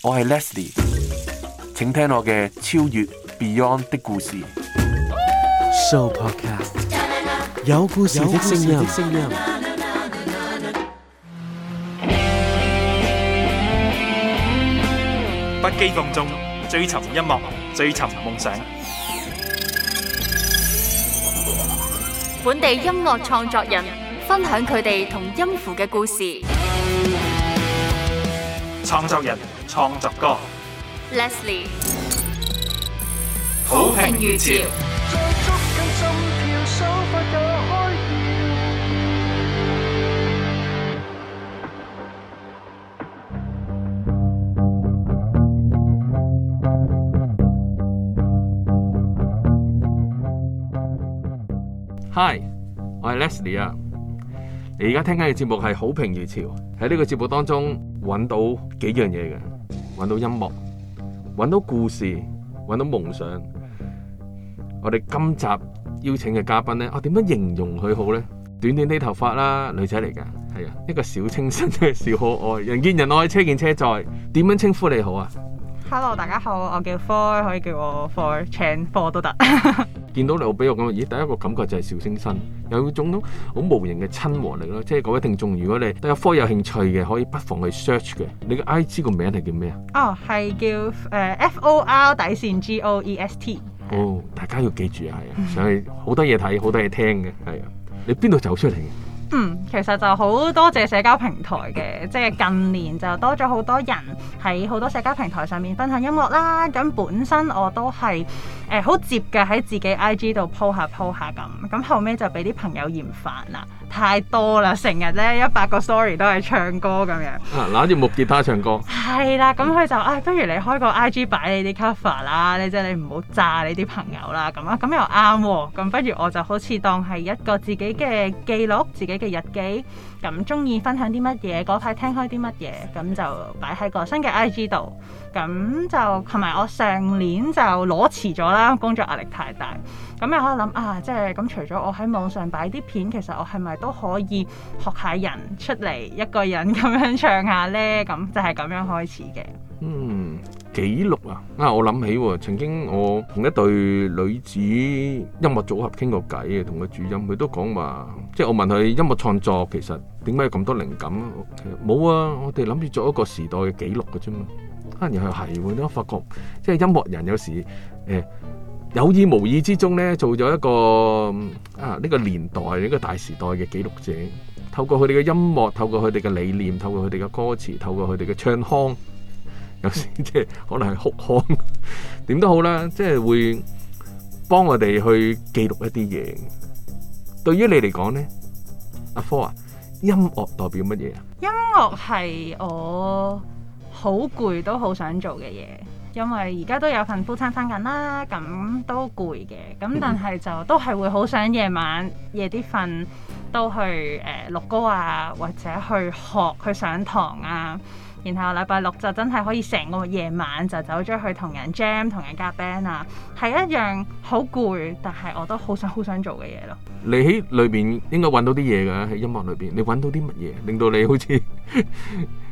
我係 Leslie，請聽我嘅超越 Beyond 的故事。Show Podcast 有故事，有聲音，不羈放縱追尋音樂，追尋夢想。本地音樂創作人分享佢哋同音符嘅故事。創作人。創作歌，Leslie，好評如潮。Hi，我係 Leslie 啊。你而家聽緊嘅節目係好評如潮。喺呢個節目當中揾到幾樣嘢嘅。揾到音樂，揾到故事，揾到夢想。我哋今集邀請嘅嘉賓咧，我、啊、點樣形容佢好咧？短短啲頭髮啦，女仔嚟噶，係啊，一個小清新，小可愛，人見人愛，車見車載。點樣稱呼你好啊？Hello，大家好，我叫 Four，可以叫我 Four Chan、Four 都得。 見到你我俾我咁，咦？第一個感覺就係小清新，有種好好無形嘅親和力咯。即係各位聽眾，如果你對科有興趣嘅，可以不妨去 search 嘅。你嘅 IG 個名係叫咩啊？哦，係叫誒 F O R 底線 G O E S T。哦，大家要記住啊，係啊，上去多 好多嘢睇，好多嘢聽嘅，係啊。你邊度走出嚟嘅？嗯，其實就好多謝社交平台嘅，即係近年就多咗好多人喺好多社交平台上面分享音樂啦。咁本身我都係。誒好、欸、接嘅喺自己 IG 度 po 下 po 下咁，咁後尾就俾啲朋友嫌煩啦，太多啦，成日咧一百個 story 都係唱歌咁樣，嗱攬住木吉他唱歌，係啦， 咁佢就誒、哎、不如你開個 IG 擺你啲 cover 啦，即係你唔好炸你啲朋友啦，咁啊咁又啱喎、哦，咁不如我就好似當係一個自己嘅記錄，自己嘅日記。咁鍾意分享啲乜嘢，嗰排聽開啲乜嘢，咁就擺喺個新嘅 IG 度。咁就同埋我上年就裸辭咗啦，工作壓力太大。咁又可以諗「啊，即係咁除咗我喺網上擺啲片，其實我係咪都可以學下人出嚟一個人咁樣唱下呢？」咁就係咁樣開始嘅。嗯。記錄啊！啊，我諗起曾經我同一對女子音樂組合傾過偈啊，同個主音佢都講話，即係我問佢音樂創作其實點解有咁多靈感？其實冇啊！我哋諗住做一個時代嘅記錄嘅啫嘛。啊，然後係喎，我發覺即係音樂人有時誒有意無意之中咧，做咗一個啊呢個年代呢個大時代嘅記錄者。透過佢哋嘅音樂，透過佢哋嘅理念，透過佢哋嘅歌詞，透過佢哋嘅唱腔。有時即係可能係哭腔，點都好啦，即係會幫我哋去記錄一啲嘢。對於你嚟講咧，阿科啊，音樂代表乜嘢啊？音樂係我好攰都好想做嘅嘢，因為而家都有份 full time 返緊啦，咁都攰嘅。咁但係就都係會好想夜晚夜啲瞓，都去誒錄歌啊，或者去學去上堂啊。然後禮拜六就真係可以成個夜晚就走咗去同人 jam 同人夾 band 啊，係一樣好攰，但係我都好想好想做嘅嘢咯。你喺裏邊應該揾到啲嘢噶，喺音樂裏邊，你揾到啲乜嘢令到你好似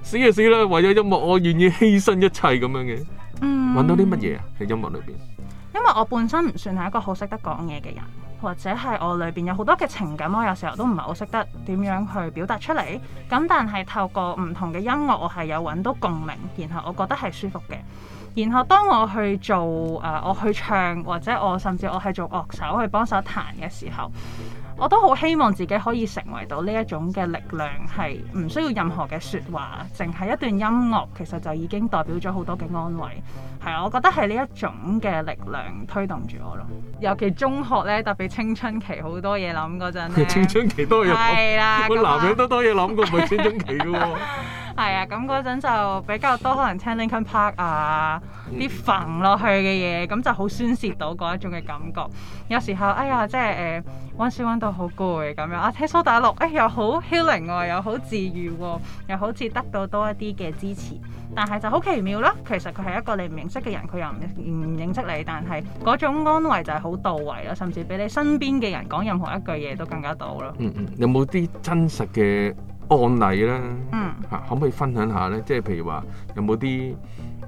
死就死啦，為咗音樂我願意犧牲一切咁樣嘅。嗯，揾到啲乜嘢啊？喺音樂裏邊，因為我本身唔算係一個好識得講嘢嘅人。或者係我裏邊有好多嘅情感，我有時候都唔係好識得點樣去表達出嚟。咁但係透過唔同嘅音樂，我係有搵到共鳴，然後我覺得係舒服嘅。然後當我去做誒、呃，我去唱或者我甚至我係做樂手去幫手彈嘅時候，我都好希望自己可以成為到呢一種嘅力量，係唔需要任何嘅説話，淨係一段音樂，其實就已經代表咗好多嘅安慰。係啊，我覺得係呢一種嘅力量推動住我咯。尤其中學呢，特別青春期好多嘢諗嗰陣，青春期多嘢諗，的個男人都多嘢諗，個唔係青春期嘅喎。 係啊，咁嗰陣就比較多可能聽 Linkin Park 啊，啲墳落去嘅嘢，咁就好宣泄到嗰一種嘅感覺。有時候哎呀，即係誒，温書温到好攰咁樣，啊聽蘇打綠，哎又好 healing、啊、又好治愈喎、啊，又好似得到多一啲嘅支持。但係就好奇妙啦，其實佢係一個你唔認識嘅人，佢又唔唔認識你，但係嗰種安慰就係好到位咯，甚至比你身邊嘅人講任何一句嘢都更加到咯。嗯嗯，有冇啲真實嘅案例咧嚇，嗯、可唔可以分享下咧？即係譬如話，有冇啲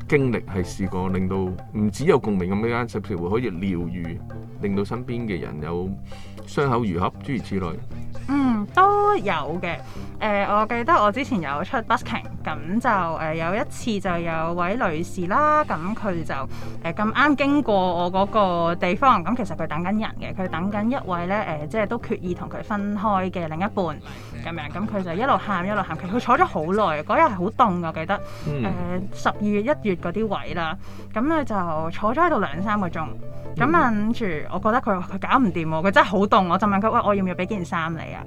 經歷係試過令到唔只有共鳴咁樣甚至乎可以療愈，令到身邊嘅人有？傷口愈合，諸如此類。嗯，都有嘅。誒、呃，我記得我之前有出 busking，咁就誒、呃、有一次就有位女士啦，咁佢就誒咁啱經過我嗰個地方，咁其實佢等緊人嘅，佢等緊一位咧誒、呃，即係都決意同佢分開嘅另一半咁樣，咁佢就一路喊一路喊，佢坐咗好耐，嗰日係好凍，我記得誒十二月一月嗰啲位啦，咁咧就坐咗喺度兩三個鐘。咁跟住，我覺得佢佢搞唔掂，佢真係好凍，我就問佢：喂，我要唔要俾件衫你啊？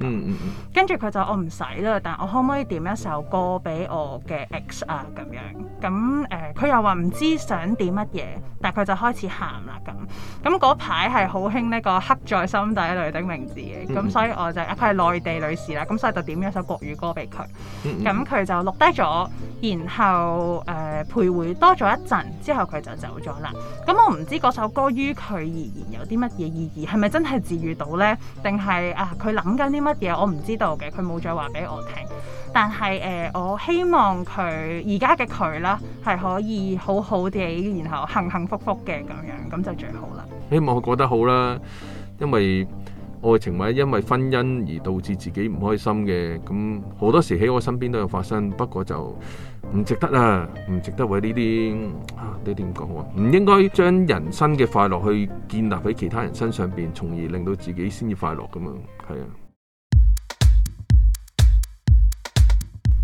跟住佢就我唔使啦，但我可唔可以點一首歌俾我嘅 ex 啊？咁樣咁誒，佢又話唔知想點乜嘢，但佢就開始喊啦咁。咁嗰排係好興呢個刻在心底裡的名字嘅，咁所以我就佢係內地女士啦，咁所以就點咗首國語歌俾佢。咁佢就錄低咗，然後誒徘徊多咗一陣之後佢就走咗啦。咁我唔知嗰首歌於。對佢而言有啲乜嘢意義？係咪真係治癒到呢？定係啊？佢諗緊啲乜嘢？我唔知道嘅。佢冇再話俾我聽。但係誒、呃，我希望佢而家嘅佢啦，係可以好好地，然後幸幸福福嘅咁樣，咁就最好啦。希望佢過得好啦，因為。愛情或者因為婚姻而導致自己唔開心嘅，咁好多時喺我身邊都有發生，不過就唔值得啦，唔值得為呢啲啲點講喎，唔應該將人生嘅快樂去建立喺其他人身上面，從而令到自己先至快樂㗎嘛。係啊，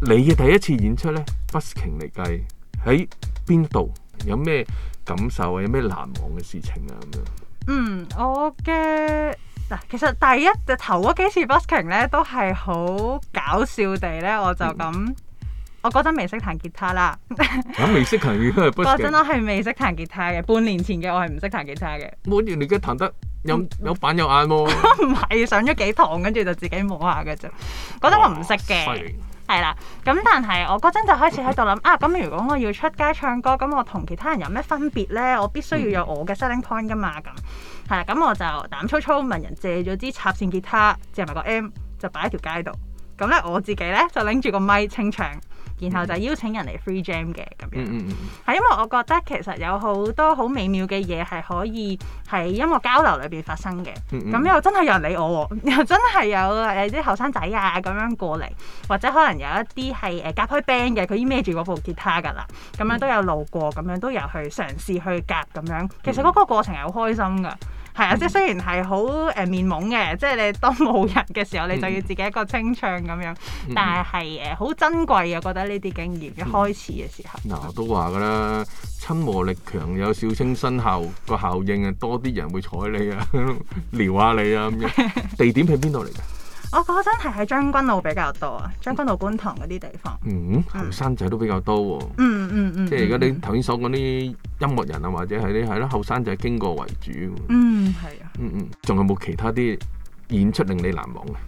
你嘅第一次演出呢，busking 嚟計喺邊度？有咩感受啊？有咩難忘嘅事情啊？咁樣嗯，我嘅。嗱，其實第一隻頭嗰幾次 busking 咧，都係好搞笑地咧，我就咁，嗯、我嗰陣未識彈吉他啦。咁未識琴嘅 busking，嗰陣我係未識彈吉他嘅， 半年前嘅我係唔識彈吉他嘅。我見你而家彈得有、嗯、有板有眼喎、喔。唔係 上咗幾堂，跟住就自己摸下嘅啫。嗰陣我唔識嘅。係啦，咁但係我嗰陣就開始喺度諗啊，咁如果我要出街唱歌，咁我同其他人有咩分別呢？我必須要有我嘅 selling point 㗎嘛，咁係啦，咁我就膽粗粗問人借咗支插線吉他，借埋個 M，就擺喺條街度。咁咧我自己咧就拎住個咪清唱。然後就邀請人嚟 free jam 嘅咁樣，係、嗯嗯嗯、因為我覺得其實有好多好美妙嘅嘢係可以喺音樂交流裏邊發生嘅。咁、嗯嗯、又真係有人理我，又真係有誒啲後生仔啊咁樣過嚟，或者可能有一啲係誒夾開 band 嘅，佢已經孭住嗰部吉他噶啦，咁樣都有路過，咁樣都有去嘗試去夾咁樣。其實嗰個過程係好開心㗎。係啊、嗯，即係雖然係好誒面懵嘅，即係你當冇人嘅時候，你就要自己一個清唱咁樣，但係係誒好珍貴啊，覺得呢啲經驗嘅、嗯、開始嘅時候。嗱、嗯，我都話㗎啦，親和力強有小清新效，個效應啊，多啲人會睬你啊，撩下你啊咁樣。地點喺邊度嚟㗎？ 我嗰陣係喺將軍澳比較多啊，將軍澳觀塘嗰啲地方。嗯，後生仔都比較多喎、啊嗯。嗯嗯嗯，即係而家你頭先所講啲音樂人啊，或者係啲係咯後生仔經過為主。嗯，係啊。嗯嗯，仲有冇其他啲演出令你難忘嘅、啊？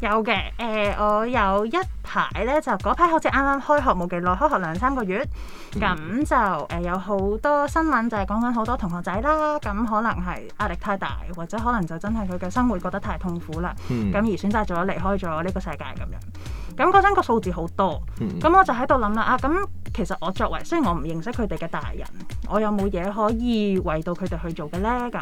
有嘅，誒、呃、我有一排咧，就嗰排好似啱啱開學冇幾耐，開學兩三個月，咁、嗯、就誒、呃、有好多新聞就係講緊好多同學仔啦，咁可能係壓力太大，或者可能就真係佢嘅生活覺得太痛苦啦，咁、嗯、而選擇咗離開咗呢個世界咁樣。咁嗰陣個數字好多，咁我就喺度諗啦，啊咁其實我作為雖然我唔認識佢哋嘅大人，我有冇嘢可以為到佢哋去做嘅咧？咁，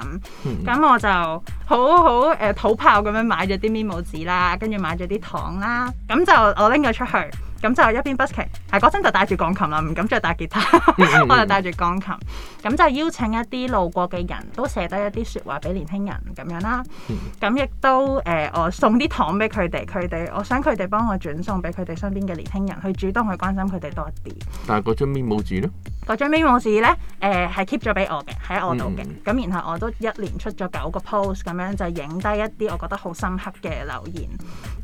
咁我就好好誒土炮咁樣買咗啲棉帽子啦，跟住買咗啲糖啦，咁就我拎咗出去。咁就一邊 busking，嗰陣就帶住鋼琴啦，唔敢再帶吉他， 我就帶住鋼琴。咁就邀請一啲路過嘅人都寫低一啲説話俾年輕人咁樣啦。咁亦都誒、呃，我送啲糖俾佢哋，佢哋我想佢哋幫我轉送俾佢哋身邊嘅年輕人，去主動去關心佢哋多啲。但係嗰張面冇字咯。個張 memo 紙咧，誒係 keep 咗俾我嘅，喺我度嘅。咁、嗯、然後我都一連出咗九個 post 咁樣，就影低一啲我覺得好深刻嘅留言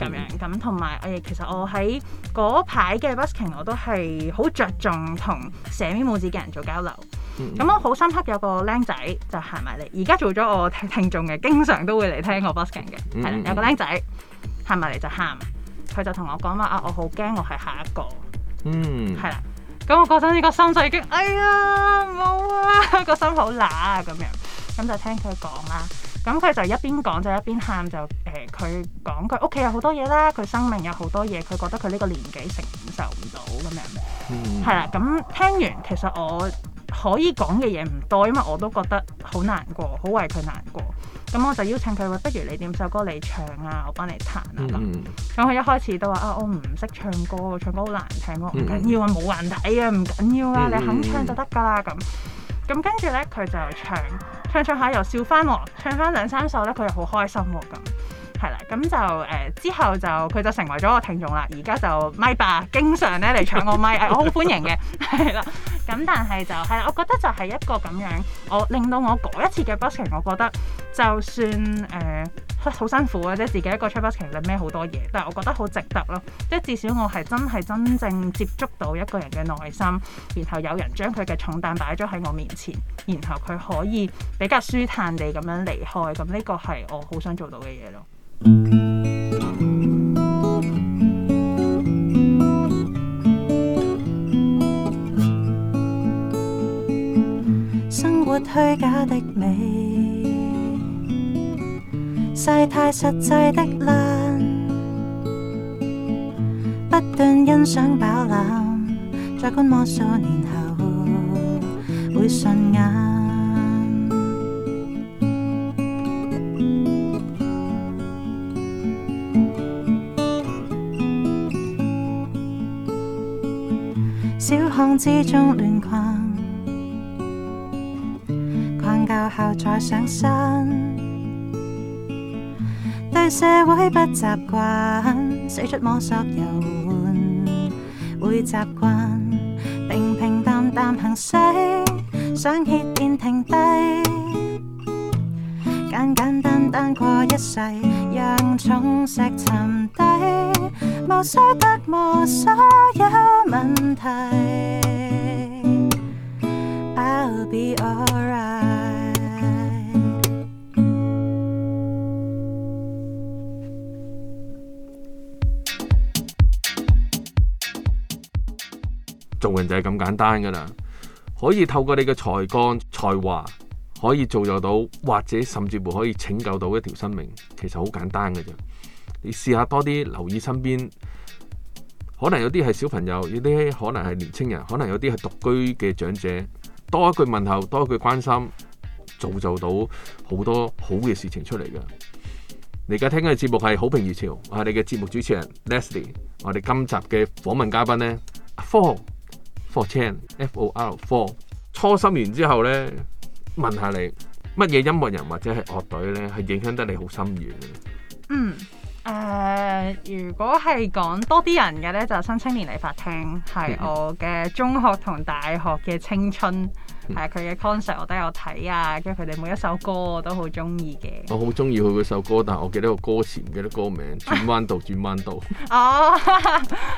咁樣。咁同埋誒，其實我喺嗰排嘅 busking 我都係好着重同寫 memo 紙嘅人做交流。咁、嗯嗯、我好深刻有個僆仔就行埋嚟，而家做咗我聽聽眾嘅，經常都會嚟聽我 busking 嘅。係啦、嗯，有個僆仔行埋嚟就喊，佢就同我講話啊，我好驚我係下一個。嗯，係啦、嗯。咁我覺得呢個心就已經，哎呀冇啊，個心好揦啊咁樣，咁就聽佢講啦。咁佢就一邊講就一邊喊，就誒佢講佢屋企有好多嘢啦，佢生命有好多嘢，佢覺得佢呢個年紀承受唔到咁樣，係啦、嗯。咁一、啊、聽完其實我可以講嘅嘢唔多，因為我都覺得好難過，好為佢難過。咁我就邀請佢話，不如你點首歌嚟唱啊，我幫你彈啊咁。咁佢、mm hmm. 一開始都話啊，我唔識唱歌，唱歌好難聽喎。唔緊要啊，冇人睇啊，唔緊要啊，你肯唱就得㗎啦咁。咁、嗯嗯、跟住咧，佢就唱唱唱下又笑翻喎，唱翻兩三首咧，佢又好開心喎咁係啦。咁就誒、呃、之後就佢就成為咗我聽眾啦。而家就咪霸，經常咧嚟搶我咪、 哎。我好歡迎嘅係啦。咁但係就係我覺得就係一個咁樣，我令到我嗰一次嘅 busking 我覺得。就算誒好、呃、辛苦啊，即係自己一個出發期，要孭好多嘢，但係我覺得好值得咯，即係至少我係真係真正接觸到一個人嘅內心，然後有人將佢嘅重擔擺咗喺我面前，然後佢可以比較舒坦地咁樣離開，咁、嗯、呢、呢個係我好想做到嘅嘢咯。生活虛假的美。世態實際的爛，不斷欣賞飽覽，再觀摩數年後會順眼。小巷之中亂逛，逛夠後再上山。對社會不習慣，四處摸索遊玩，會習慣平平淡淡行駛，想歇便停低，簡簡單單過一世，讓重石沉底，無需琢磨所有問題。I'll be alright. 做人就係咁簡單噶啦，可以透過你嘅才幹、才華，可以造就到，或者甚至乎可以拯救到一條生命。其實好簡單嘅啫。你試下多啲留意身邊，可能有啲係小朋友，有啲可能係年青人，可能有啲係獨居嘅長者。多一句問候，多一句關心，做做到好多好嘅事情出嚟嘅。你而家聽嘅節目係《好評如潮》，我係你嘅節目主持人 Leslie，我哋今集嘅訪問嘉賓呢。阿科。For u Chan F O R Four，初心完之後咧，問下你乜嘢音樂人或者係樂隊咧，係影響得你好深遠嘅？嗯，誒、呃，如果係講多啲人嘅咧，就新青年理髮廳係我嘅中學同大學嘅青春。係啊，佢嘅 concert 我都有睇啊，跟住佢哋每一首歌我都好中意嘅。我好中意佢嗰首歌，但係我記得個歌詞唔記得歌名。轉彎道，轉彎道。 哦，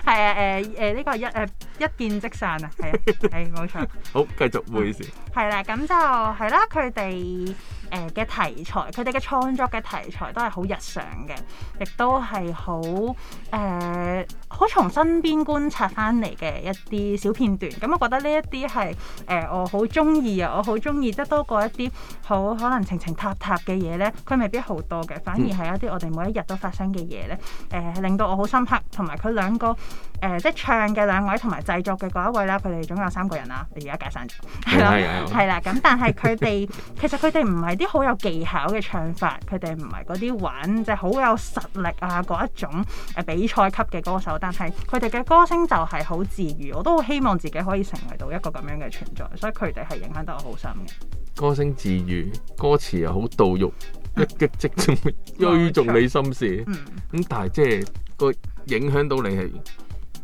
係 啊，誒誒呢個一誒一見即散啊，係、哎、啊，係冇錯。 好，繼續唔好意思。係啦，咁、 啊、就係啦，佢哋誒嘅題材，佢哋嘅創作嘅題材都係好日常嘅，亦都係好誒，好從身邊觀察翻嚟嘅一啲小片段。咁我覺得呢一啲係誒我好。中意啊！我好中意，即多過一啲好可能情情塔塔嘅嘢呢。佢未必好多嘅，反而係一啲我哋每一日都發生嘅嘢呢，誒、呃、令到我好深刻，同埋佢兩個。誒、呃，即係唱嘅兩位同埋製作嘅嗰一位啦，佢哋總共有三個人啦。你而家解散咗係啦，係啦咁。但係佢哋其實佢哋唔係啲好有技巧嘅唱法，佢哋唔係嗰啲玩即係好有實力啊嗰一種誒比賽級嘅歌手。但係佢哋嘅歌聲就係好治愈，我都好希望自己可以成為到一個咁樣嘅存在，所以佢哋係影響得我好深嘅，歌聲治愈，歌詞又好道育一擊即中，追重你心事咁， 錯但係即係個影響到你係。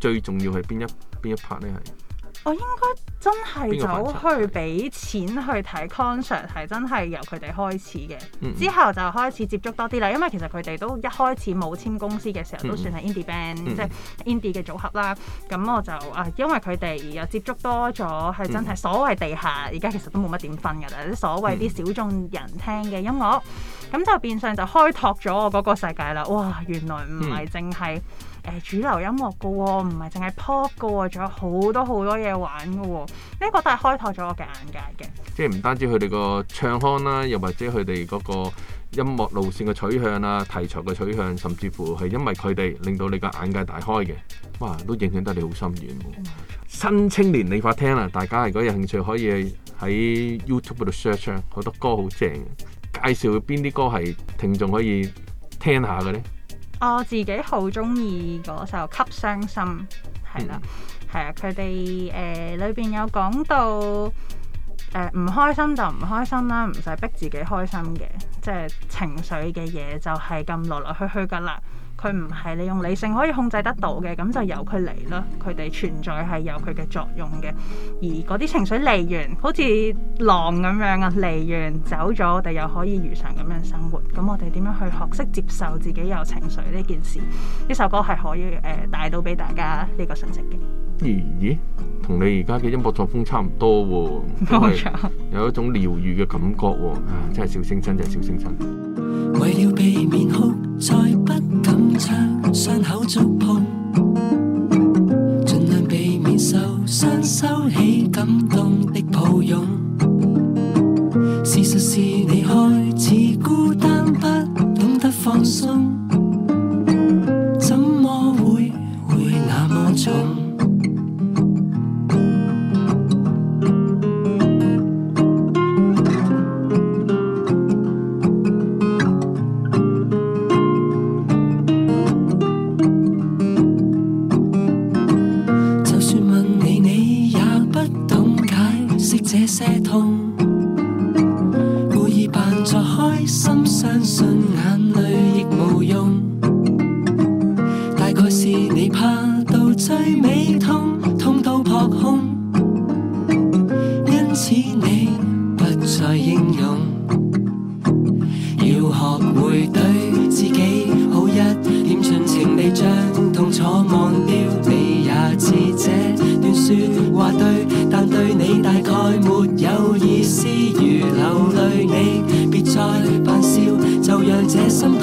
最重要係邊一邊一 part 呢係，我應該真係走去俾錢去睇 concert 係真係由佢哋開始嘅，嗯、之後就開始接觸多啲啦。因為其實佢哋都一開始冇簽公司嘅時候、嗯、都算係 indie band，即係 indie 嘅組合啦。咁我就啊，因為佢哋又接觸多咗，係真係所謂地下，而家其實都冇乜點分㗎啦。所謂啲小眾人聽嘅音樂，咁就變相就開拓咗我嗰個世界啦。哇，原來唔係淨係。誒主流音樂嘅喎、哦，唔係淨係 pop 嘅仲、哦、有好多好多嘢玩嘅喎、哦，呢、這、一個都係開拓咗我嘅眼界嘅。即係唔單止佢哋個唱腔啦、啊，又或者佢哋嗰個音樂路線嘅取向啦、啊，題材嘅取向，甚至乎係因為佢哋令到你嘅眼界大開嘅，哇，都影響得你好深遠、啊。嗯、新青年理髮廳啊，大家如果有興趣，可以喺 YouTube 度 search，好、啊、多歌好正、啊，介紹邊啲歌係聽眾可以聽下嘅咧？我自己好中意嗰首《吸傷心》，係啦、嗯，係啊，佢哋誒裏邊有講到誒唔、呃、開心就唔開心啦，唔使逼自己開心嘅，即係情緒嘅嘢就係咁落落去下去噶啦。佢唔係你用理性可以控制得到嘅，咁就由佢嚟咯。佢哋存在係有佢嘅作用嘅。而嗰啲情緒嚟完，好似浪咁樣啊，嚟完走咗，我哋又可以如常咁樣生活。咁我哋點樣去學識接受自己有情緒呢件事？呢首歌係可以誒、呃、帶到俾大家呢個信息嘅。咦咦，同你而家嘅音樂作風差唔多喎，有一種療愈嘅感覺喎，真係小清新就係小清新。要避免哭，再不敢將傷口觸碰。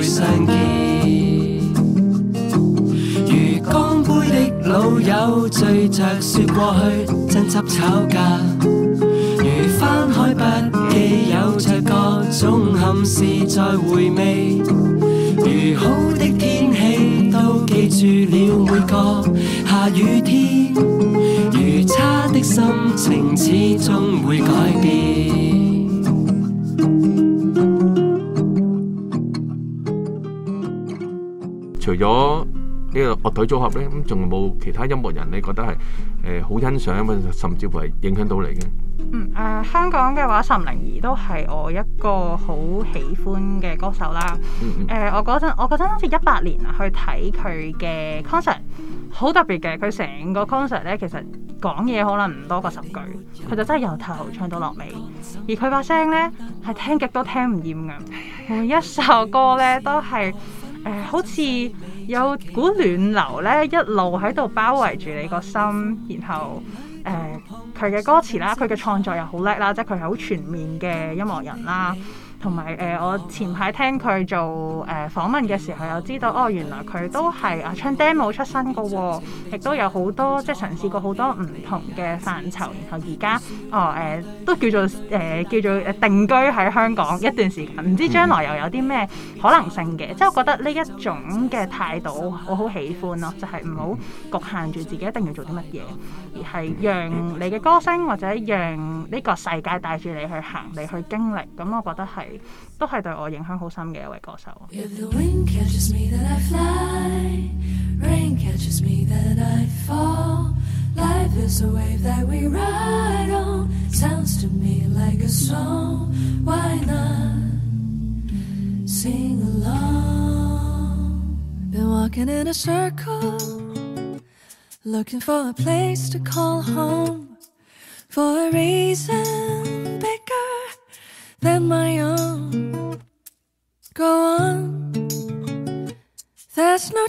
如乾杯的老友聚着説過去爭執吵架，如翻開筆記有着各種憾事在回味，如好的天氣都記住了每個下雨天，如差的心情始終會改變。除咗呢個樂隊組合咧，咁仲有冇其他音樂人你覺得係誒好欣賞，甚至乎係影響到你嘅。嗯，誒、呃、香港嘅話，岑寧兒都係我一個好喜歡嘅歌手啦。誒、嗯嗯呃，我嗰陣，我嗰陣好似一八年啊，去睇佢嘅 concert，好特別嘅。佢成個 concert 咧，其實講嘢可能唔多過十句，佢就真係由頭唱到落尾。而佢把聲咧，係聽極都聽唔厭嘅，每一首歌咧都係。誒、呃、好似有股暖流咧，一路喺度包圍住你個心，然後誒佢嘅歌詞啦，佢嘅創作又好叻啦，即係佢係好全面嘅音樂人啦。同埋誒，我前排聽佢做誒、呃、訪問嘅時候，又知道哦，原來佢都係阿唱 demo 出身個、哦，亦都有好多即係嘗試過好多唔同嘅範疇，然後而家哦誒、呃、都叫做誒、呃、叫做定居喺香港一段時間。唔知將來又有啲咩可能性嘅？嗯、即係我覺得呢一種嘅態度，我好喜歡咯、哦，就係唔好局限住自己一定要做啲乜嘢，而係讓你嘅歌聲或者讓呢個世界帶住你去行，你去經歷。咁我覺得係。都係對我影響好深嘅一位歌手。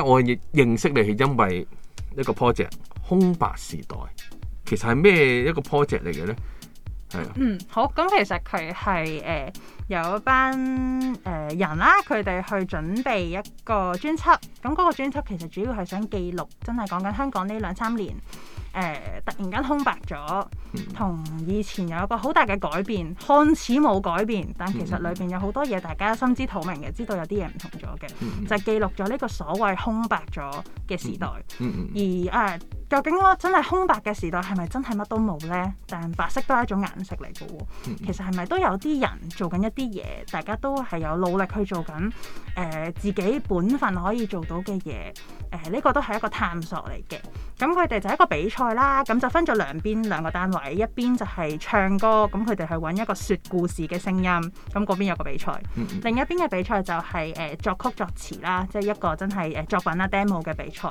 我係認識你係因為一個 project《空白時代》，其實係咩一個 project 嚟嘅呢？係啊，嗯，好，咁其實佢係誒有一班誒、呃、人啦、啊，佢哋去準備一個專輯，咁嗰個專輯其實主要係想記錄，真係講緊香港呢兩三年。誒、呃、突然間空白咗，同以前有一個好大嘅改變，看似冇改變，但其實裏邊有好多嘢，大家心知肚明嘅，知道有啲嘢唔同咗嘅，就記錄咗呢個所謂空白咗嘅時代。而誒、呃，究竟真係空白嘅時代係咪真係乜都冇呢？但白色都係一種顏色嚟嘅喎，其實係咪都有啲人做緊一啲嘢，大家都係有努力去做緊誒、呃、自己本分可以做到嘅嘢。誒、呃、呢、這個都係一個探索嚟嘅，咁佢哋就係一個比賽。啦，咁就分咗兩邊兩個單位，一邊就係唱歌，咁佢哋係揾一個說故事嘅聲音，咁嗰邊有個比賽。Um, 另一邊嘅比賽就係、是、誒、呃、作曲作詞啦，即係一個真係誒作品啦 demo 嘅比賽。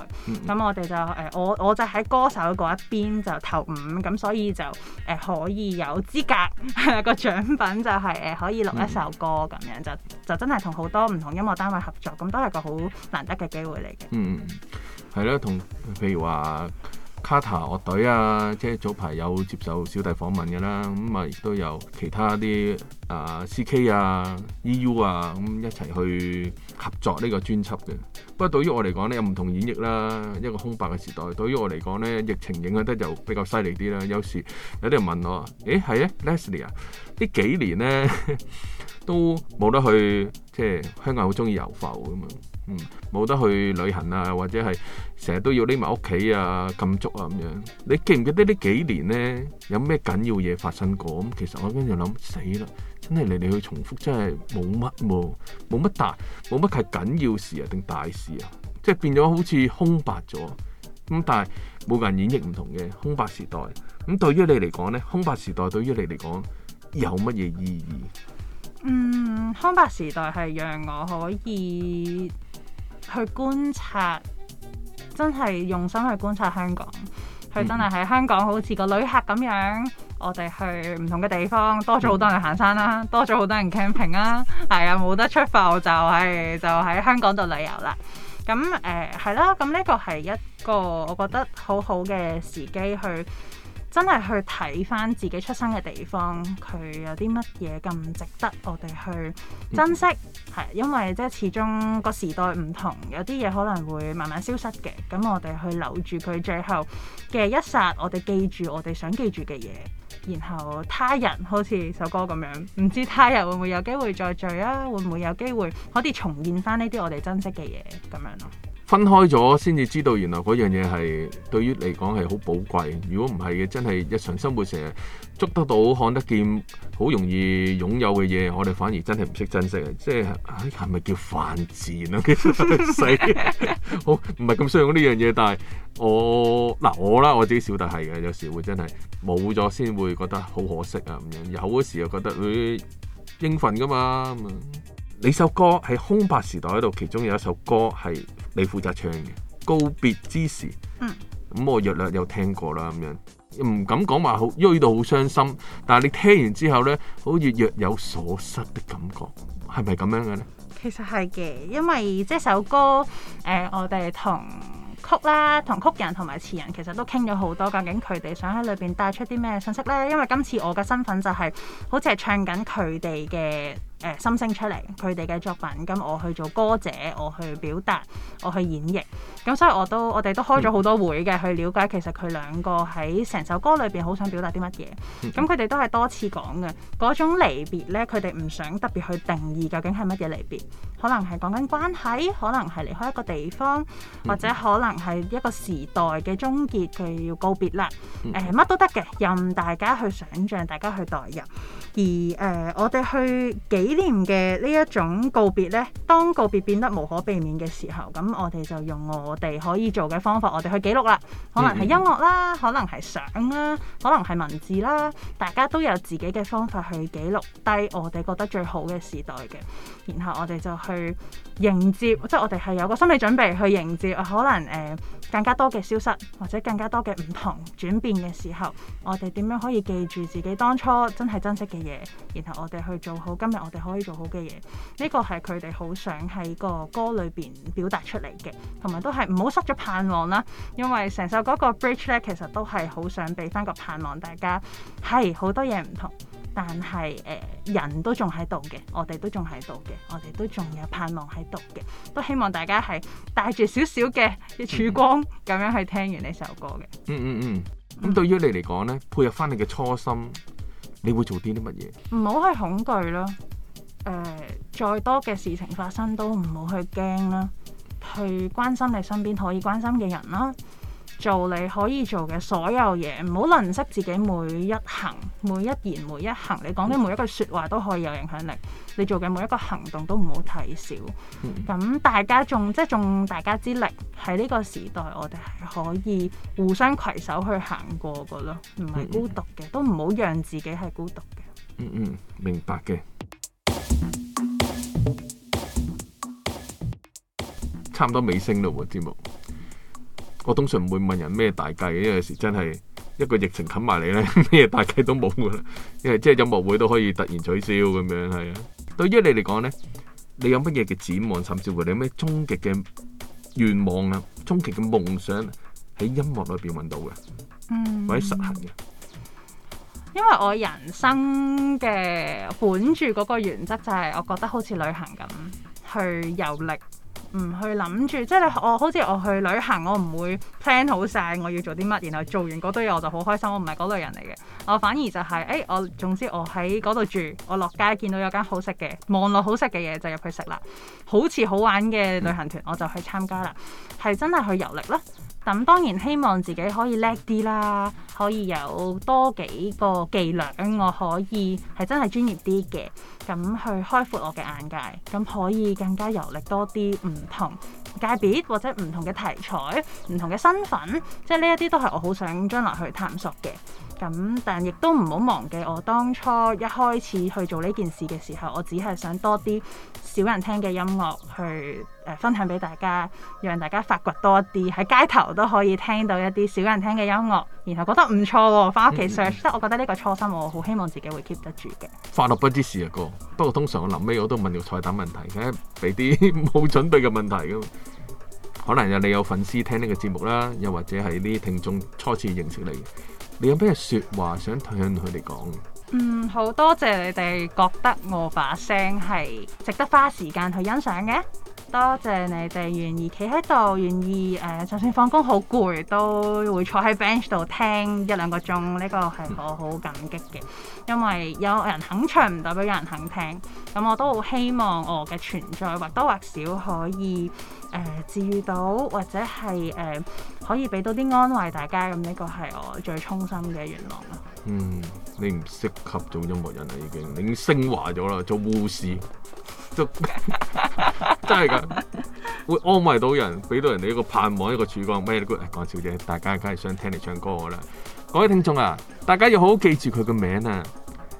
咁、um, 我哋就誒我我就喺歌手嗰一邊就投五，咁所以就誒、呃、可以有資格個獎品就係、是、誒、呃、可以錄一首歌咁、um, 樣就就真係同好多唔同音樂單位合作，咁都係個好難得嘅機會嚟嘅。嗯、um, um.，係咯，同譬如話。Kata 樂隊啊，即係早排有接受小弟訪問嘅啦，咁啊亦都有其他啲、呃、啊 CK 啊 EU 啊咁、嗯、一齊去合作呢個專輯嘅。不過對於我嚟講咧，有唔同演繹啦，一個空白嘅時代。對於我嚟講咧，疫情影響得又比較犀利啲啦。有時有啲人問我，誒係啊，Leslie 啊，呢幾年咧 都冇得去，即係香港好鍾意遊埠㗎嘛。嗯，冇得去旅行啊，或者係成日都要匿埋屋企啊，禁足啊咁樣。你記唔記得呢幾年呢？有咩緊要嘢發生過？咁其實我跟住諗死啦，真係嚟嚟去重複真，真係冇乜喎，冇乜大，冇乜係緊要事啊定大事啊，即係變咗好似空白咗。咁但係每個人演繹唔同嘅空白時代。咁對於你嚟講呢，空白時代對於你嚟講有乜嘢意義？嗯，康柏時代係讓我可以去觀察，真係用心去觀察香港。佢真係喺香港好似個旅客咁樣，我哋去唔同嘅地方，多咗好多人行山啦、啊，多咗好多人 camping 啊，係啊，冇得出埠就係、是、就喺、是、香港度旅遊啦。咁誒係啦，咁、呃、呢、啊、個係一個我覺得好好嘅時機去。真係去睇翻自己出生嘅地方，佢有啲乜嘢咁值得我哋去珍惜？係、嗯、因為即係始終個時代唔同，有啲嘢可能會慢慢消失嘅。咁我哋去留住佢最後嘅一剎，我哋記住我哋想記住嘅嘢。然後他人好似首歌咁樣，唔知他日會唔會有機會再聚啊？會唔會有機會可以重現翻呢啲我哋珍惜嘅嘢咁樣咯？分開咗先至知道，原來嗰樣嘢係對於你嚟講係好寶貴。如果唔係嘅，真係日常生活成日捉得到、看得見，好容易擁有嘅嘢，我哋反而真係唔識珍惜啊！即係係咪叫犯賤啊？死 好唔係咁需要呢樣嘢，但係我嗱我啦，我自己小弟係嘅，有時會真係冇咗先會覺得好可惜啊！咁樣有嗰時又覺得誒應份噶嘛。你首歌係空白時代喺度，其中有一首歌係。你負責唱嘅告別之時，咁、嗯、我略略有聽過啦，咁樣唔敢講話好，因為好傷心。但係你聽完之後呢，好似若有所失的感覺，係咪咁樣嘅呢？其實係嘅，因為即首歌，呃、我哋同曲啦、同曲人同埋詞人其實都傾咗好多，究竟佢哋想喺裏邊帶出啲咩信息呢？因為今次我嘅身份就係、是、好似係唱緊佢哋嘅。誒心聲出嚟，佢哋嘅作品，咁我去做歌者，我去表達，我去演繹，咁所以我都我哋都開咗好多會嘅，嗯、去了解其實佢兩個喺成首歌裏邊好想表達啲乜嘢，咁佢哋都係多次講嘅嗰種離別呢，佢哋唔想特別去定義究竟係乜嘢離別，可能係講緊關係，可能係離開一個地方，嗯、或者可能係一個時代嘅終結，佢要告別啦，乜、呃、都得嘅，任大家去想像，大家去代入，而誒、呃、我哋去幾。紀念嘅呢一種告別呢，當告別變得無可避免嘅時候，咁我哋就用我哋可以做嘅方法，我哋去記錄啦。可能係音樂啦，可能係相啦，可能係文字啦，大家都有自己嘅方法去記錄低我哋覺得最好嘅時代嘅。然後我哋就去迎接，即係我哋係有個心理準備去迎接，可能誒。呃更加多嘅消失或者更加多嘅唔同轉變嘅時候，我哋點樣可以記住自己當初真係珍惜嘅嘢，然後我哋去做好今日我哋可以做好嘅嘢？呢個係佢哋好想喺個歌裏邊表達出嚟嘅，同埋都係唔好失咗盼望啦。因為成首嗰個 bridge 咧，其實都係好想俾翻個盼望大家，係，好多嘢唔同。但係誒、呃、人都仲喺度嘅，我哋都仲喺度嘅，我哋都仲有盼望喺度嘅，都希望大家係帶住少少嘅曙光咁、嗯嗯、樣去聽完呢首歌嘅。嗯嗯嗯，咁對於你嚟講呢，配合翻你嘅初心，你會做啲啲乜嘢？唔好去恐懼咯，誒、呃，再多嘅事情發生都唔好去驚啦，去關心你身邊可以關心嘅人啦。做你可以做嘅所有嘢，唔好吝嗇自己每一行、每一言、每一行。你講嘅每一句說話都可以有影響力，你做嘅每一個行動都唔好睇少。咁、嗯、大家仲即係仲大家之力喺呢個時代，我哋係可以互相攜手去行過嘅咯，唔係孤獨嘅，嗯嗯都唔好讓自己係孤獨嘅。嗯嗯，明白嘅。差唔多尾聲啦，節目。我通常唔會問人咩大計，因為有時真係一個疫情冚埋你咧，咩大計都冇噶啦。因為即係音樂會都可以突然取消咁樣，係啊。對於你嚟講咧，你有乜嘢嘅展望，甚至乎你有咩終極嘅願望啊、終極嘅夢想喺音樂裏邊搵到嘅，嗯，或者實行嘅。因為我人生嘅本住嗰個原則就係，我覺得好似旅行咁去遊歷。唔去諗住，即係我好似我去旅行，我唔會 plan 好晒我要做啲乜，然後做完嗰堆嘢我就好開心，我唔係嗰類人嚟嘅。我反而就係、是，誒、哎、我總之我喺嗰度住，我落街見到有間好食嘅，望落好食嘅嘢就入去食啦。好似好玩嘅旅行團我就去參加啦，係真係去遊歷囉。咁當然希望自己可以叻啲啦，可以有多幾個伎倆，我可以係真係專業啲嘅，咁去開闊我嘅眼界，咁可以更加遊歷多啲唔同界別或者唔同嘅題材、唔同嘅身份，即係呢一啲都係我好想將來去探索嘅。咁，但亦都唔好忘記我，我當初一開始去做呢件事嘅時候，我只係想多啲少人聽嘅音樂去誒、呃、分享俾大家，讓大家發掘多啲喺街頭都可以聽到一啲少人聽嘅音樂，然後覺得唔錯喎。翻屋企 search 即、嗯、我覺得呢個初心，我好希望自己會 keep 得住嘅。快樂不知時日過，不過通常我臨尾我都問要彩蛋問題嘅，俾啲冇準備嘅問題咁，可能有你有粉絲聽呢個節目啦，又或者係啲聽眾初次認識你。你有咩説話想向佢哋講？嗯，好多謝你哋覺得我把聲係值得花時間去欣賞嘅。多謝你哋願意企喺度，願意誒、呃，就算放工好攰，都會坐喺 bench 度聽一兩個鐘。呢、呢個係我好感激嘅，嗯、因為有人肯唱唔代表有人肯聽。咁我都好希望我嘅存在或多或少可以誒、呃、治愈到，或者係誒、呃、可以俾到啲安慰大家。咁呢個係我最衷心嘅願望啦。嗯，你唔適合做音樂人啦，已經，你已經升華咗啦，做護士。 真係噶，會安慰到人，俾到人哋一個盼望，一個曙光。咩 good？講笑啫，大家梗係想聽你唱歌噶啦。各位聽眾啊，大家要好好記住佢嘅名啊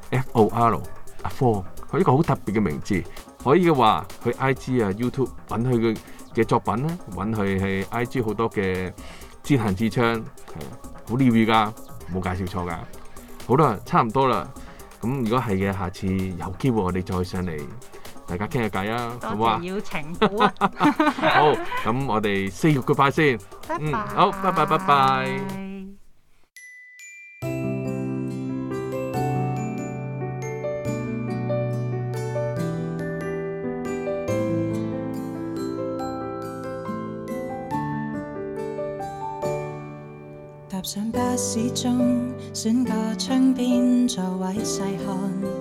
，F.O.R. 阿科，佢一個好特別嘅名字。可以嘅話，去 I.G. 啊，YouTube 搵佢嘅作品啦，搵佢係 I.G. 好多嘅自彈自唱，係啊，好留意噶，冇介紹錯噶。好啦，差唔多啦。咁如果係嘅，下次有機會我哋再上嚟。大家傾下偈啊，好唔好啊？多謝邀請，好，咁我哋 say goodbye 先，嗯，好，拜拜，拜拜。搭上巴士中，選個窗邊座位細看。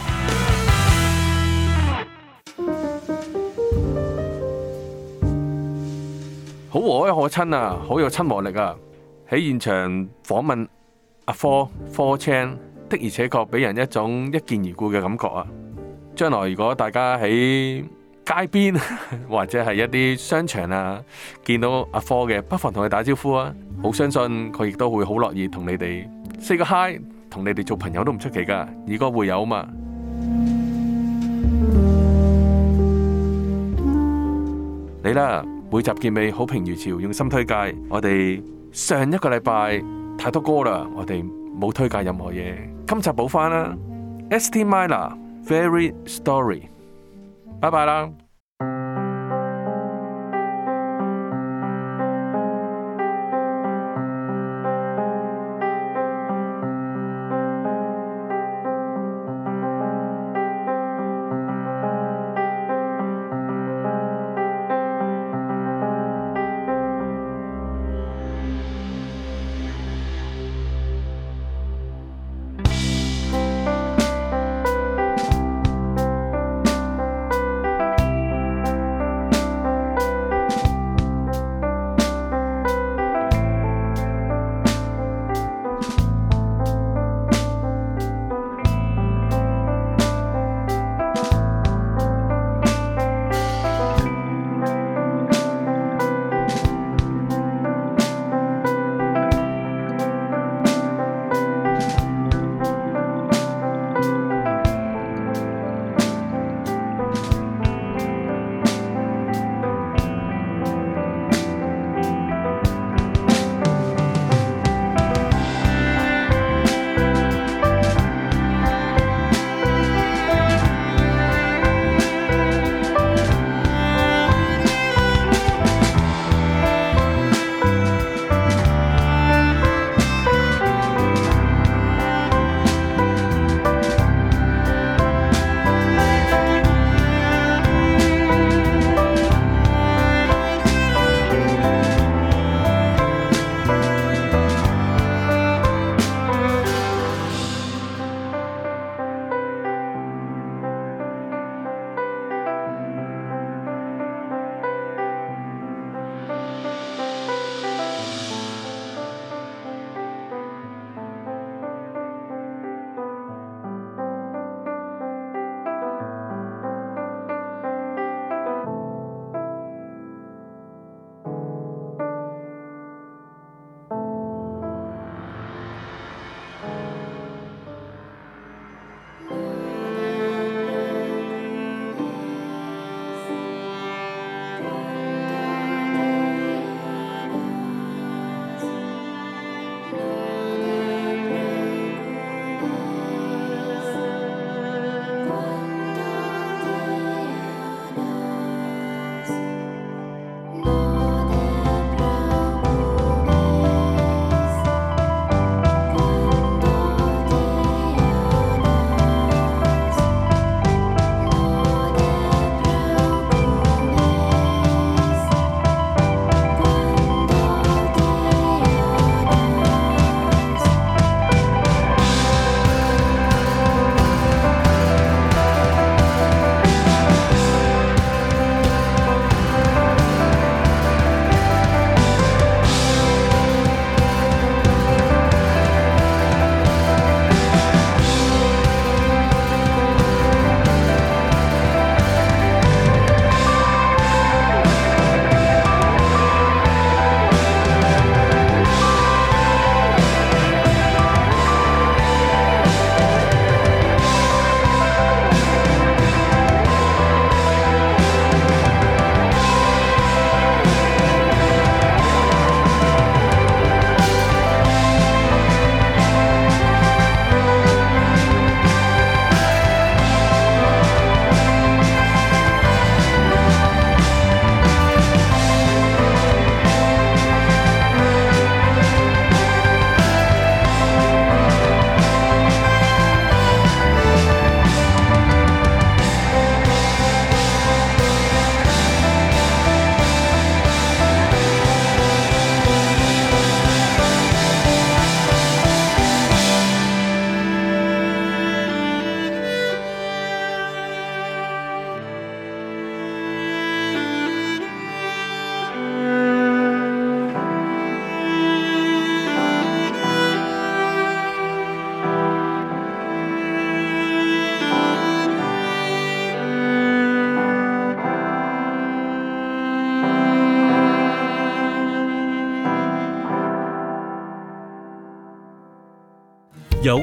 可親啊，好有親和力啊！喺現場訪問阿科科青，的而且確俾人一種一見如故嘅感覺啊！將來如果大家喺街邊或者係一啲商場啊，見到阿科嘅，不妨同佢打招呼啊！好相信佢亦都會好樂意同你哋 say 個 hi，同你哋做朋友都唔出奇㗎，以歌會友啊嘛！嚟啦！每集結尾好評如潮，用心推介。我哋上一個禮拜太多歌啦，我哋冇推介任何嘢。今集補翻啦，ST Minor, Very Story，拜拜啦。